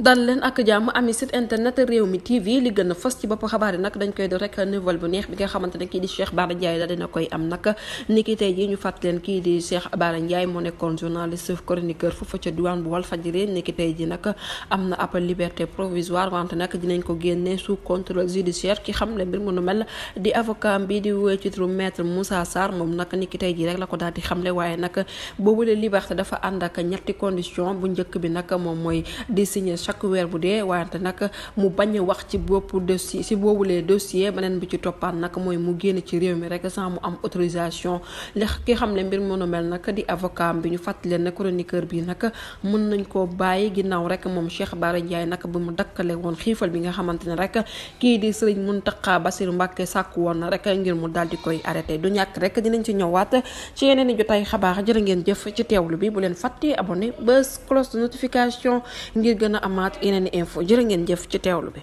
dal leen ak jàmm ami site internet réew mi tv li gën a fës ci bopp xabaar yi nag dañ koy do rek nouvelle bu neex bi nga xamante ne kii di Cheikh Bara Ndiaye la dina koy am nag ni ki tey ji ñu fàtt leen kii di Cheikh Bara Ndiaye moo nekkoon journaliste chroniqueur foofa ca diwaan bu Walfadjri ni ki tey ji nag am na ab liberté provisoire wante nag dinañ ko génne sous contrôle judiciaire ki xam le mbir mu nu mel di avocat bi di woy ci turu maître moom nag ni ki tey ji rek la ko daal di xamle waaye nag boobule liberté dafa ànd ak ñetti condition bu njëkk bi nag moom mooy di signer chaque weer bu dee wante nag mu bañ wax ci bopp dossier si boobulee dossier beneen bi ci toppaat nag mooy mu génn ci réew mi rek sans mu am autorisation ndax ki xam ne mbir mënu mel nag di avocat bi ñu fàttali leen ne chroniqueur bi nag mën nañ koo bàyyi ginnaaw rek moom Cheikh Bara Ndiaye nag bi mu dakkale woon xiifal bi nga xamante ne rek kii di sëriñ Mountakha Bassirou Mbacké sàkku woon na rek ngir mu daal di koy arrêté du ñàkk rek dinañ ci ñëwaat ci yeneen i jotaay xabaar jërë ngeen jëf ci teewlu bi bu leen fàtte abonné bës cloche de notification ngir gën a am ak yeneen info jërë ngeen jëf ci teewlu bi.